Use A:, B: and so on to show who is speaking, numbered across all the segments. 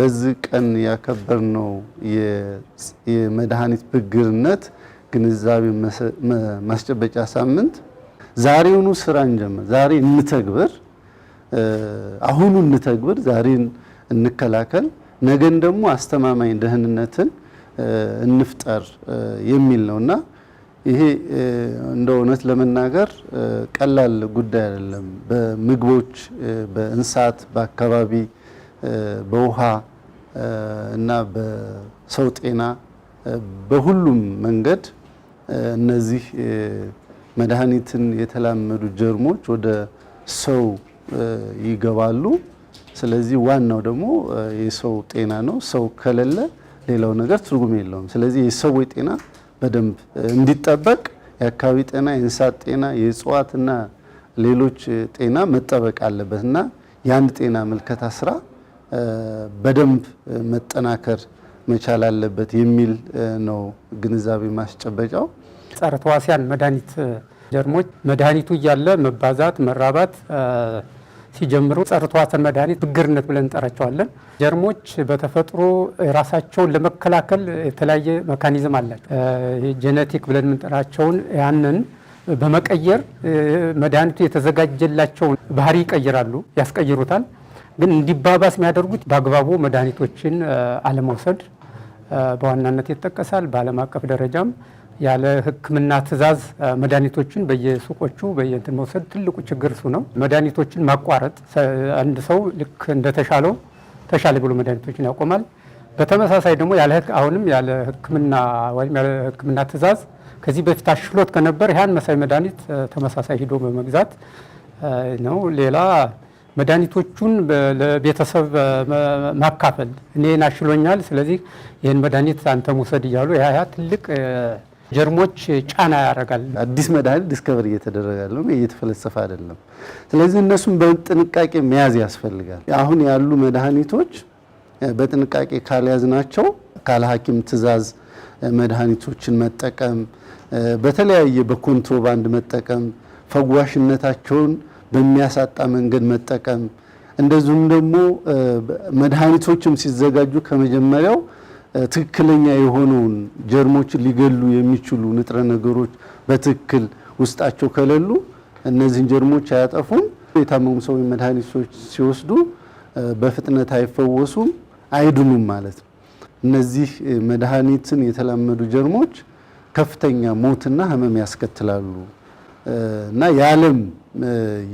A: በዚህ ቀን ያከበርነው የመድኃኒት ብግርነት ግንዛቤ ማስጨበጫ ሳምንት ዛሬውኑ ስራ እንጀምር፣ ዛሬ እንተግብር፣ አሁኑ እንተግብር፣ ዛሬን እንከላከል፣ ነገን ደግሞ አስተማማኝ ደህንነትን እንፍጠር የሚል ነውና ይሄ እንደ እውነት ለመናገር ቀላል ጉዳይ አይደለም። በምግቦች፣ በእንስሳት፣ በአካባቢ፣ በውሃ እና በሰው ጤና በሁሉም መንገድ እነዚህ መድኃኒትን የተላመዱ ጀርሞች ወደ ሰው ይገባሉ። ስለዚህ ዋናው ደግሞ የሰው ጤና ነው። ሰው ከሌለ ሌላው ነገር ትርጉም የለውም። ስለዚህ የሰዎች ጤና በደንብ እንዲጠበቅ የአካባቢ ጤና፣ የእንስሳት ጤና፣ የእጽዋትና ሌሎች ጤና መጠበቅ አለበት እና የአንድ ጤና ምልከታ ስራ በደንብ መጠናከር መቻል አለበት የሚል ነው ግንዛቤ ማስጨበጫው።
B: ጸረ ተዋሲያን መድኃኒት ጀርሞች መድኃኒቱ እያለ መባዛት፣ መራባት ሲጀምሩ ጸረ ተዋሲያን መድኃኒት ብግርነት ብለን እንጠራቸዋለን። ጀርሞች በተፈጥሮ ራሳቸውን ለመከላከል የተለያየ መካኒዝም አላቸው። ጄኔቲክ ብለን የምንጠራቸውን ያንን በመቀየር መድኃኒቱ የተዘጋጀላቸውን ባህሪ ይቀይራሉ፣ ያስቀይሩታል። ግን እንዲባባስ የሚያደርጉት በአግባቡ መድኃኒቶችን አለመውሰድ በዋናነት ይጠቀሳል። በዓለም አቀፍ ደረጃም ያለ ሕክምና ትዕዛዝ መድኃኒቶችን በየሱቆቹ በየእንትን መውሰድ ትልቁ ችግር እሱ ነው። መድኃኒቶችን ማቋረጥ፣ አንድ ሰው ልክ እንደተሻለው ተሻለ ብሎ መድኃኒቶችን ያቆማል። በተመሳሳይ ደግሞ ያለ አሁንም ያለ ሕክምና ወይም ያለ ሕክምና ትዕዛዝ ከዚህ በፊት አሽሎት ከነበር ያን መሳይ መድኃኒት ተመሳሳይ ሂዶ በመግዛት ነው ሌላ መድኃኒቶቹን ለቤተሰብ ማካፈል እኔ ናሽሎኛል፣ ስለዚህ ይህን መድኃኒት አንተ መውሰድ እያሉ ያ ትልቅ ጀርሞች ጫና ያደርጋል።
A: አዲስ መድኃኒት ዲስከቨር እየተደረገ ያለው እየተፈለሰፈ አይደለም። ስለዚህ እነሱን በጥንቃቄ መያዝ ያስፈልጋል። አሁን ያሉ መድኃኒቶች በጥንቃቄ ካልያዝ ናቸው ካለ ሐኪም ትዕዛዝ መድኃኒቶችን መጠቀም በተለያየ በኮንትሮባንድ መጠቀም ፈጓሽነታቸውን በሚያሳጣ መንገድ መጠቀም እንደዚሁም ደግሞ መድኃኒቶችም ሲዘጋጁ ከመጀመሪያው ትክክለኛ የሆነውን ጀርሞችን ሊገሉ የሚችሉ ንጥረ ነገሮች በትክክል ውስጣቸው ከሌሉ እነዚህን ጀርሞች አያጠፉም። የታመሙ ሰዎች መድኃኒቶች ሲወስዱ በፍጥነት አይፈወሱም፣ አይድኑም ማለት ነው። እነዚህ መድኃኒትን የተላመዱ ጀርሞች ከፍተኛ ሞትና ሕመም ያስከትላሉ እና የዓለም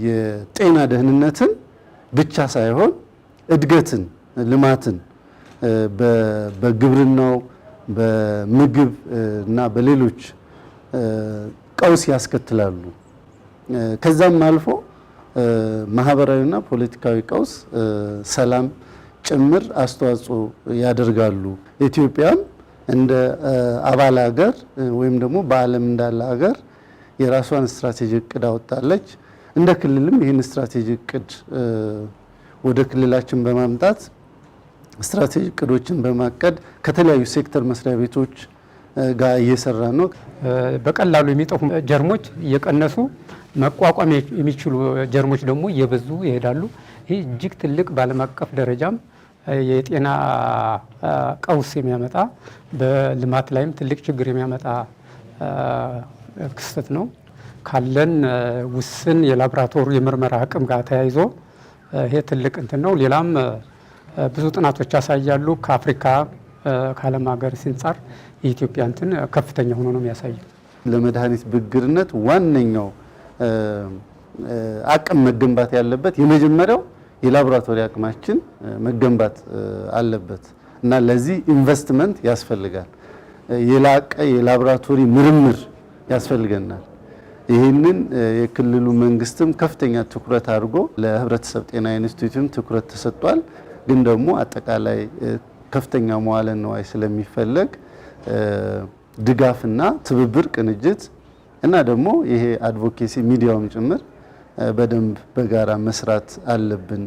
A: የጤና ደህንነትን ብቻ ሳይሆን እድገትን፣ ልማትን በግብርናው በምግብ እና በሌሎች ቀውስ ያስከትላሉ። ከዛም አልፎ ማህበራዊና ፖለቲካዊ ቀውስ፣ ሰላም ጭምር አስተዋጽኦ ያደርጋሉ። ኢትዮጵያም እንደ አባል ሀገር ወይም ደግሞ በዓለም እንዳለ ሀገር የራሷን ስትራቴጂ እቅድ አወጣለች። እንደ ክልልም ይህን ስትራቴጂክ እቅድ ወደ ክልላችን በማምጣት ስትራቴጂክ እቅዶችን በማቀድ ከተለያዩ ሴክተር መስሪያ ቤቶች ጋር እየሰራ ነው።
B: በቀላሉ የሚጠፉ ጀርሞች እየቀነሱ መቋቋም የሚችሉ ጀርሞች ደግሞ እየበዙ ይሄዳሉ። ይህ እጅግ ትልቅ በዓለም አቀፍ ደረጃም የጤና ቀውስ የሚያመጣ በልማት ላይም ትልቅ ችግር የሚያመጣ ክስተት ነው። ካለን ውስን የላብራቶሪ የምርመራ አቅም ጋር ተያይዞ ይሄ ትልቅ እንትን ነው። ሌላም ብዙ ጥናቶች ያሳያሉ። ከአፍሪካ ከዓለም ሀገር ሲንጻር የኢትዮጵያ እንትን ከፍተኛ ሆኖ ነው የሚያሳየው።
A: ለመድኃኒት ብግርነት ዋነኛው አቅም መገንባት ያለበት የመጀመሪያው የላቦራቶሪ አቅማችን መገንባት አለበት እና ለዚህ ኢንቨስትመንት ያስፈልጋል። የላቀ የላቦራቶሪ ምርምር ያስፈልገናል። ይህንን የክልሉ መንግስትም ከፍተኛ ትኩረት አድርጎ ለህብረተሰብ ጤና ኢንስቲትዩትም ትኩረት ተሰጥቷል። ግን ደግሞ አጠቃላይ ከፍተኛ መዋለ ንዋይ ስለሚፈለግ ድጋፍና ትብብር፣ ቅንጅት እና ደግሞ ይሄ አድቮኬሲ ሚዲያውም ጭምር በደንብ በጋራ መስራት አለብን።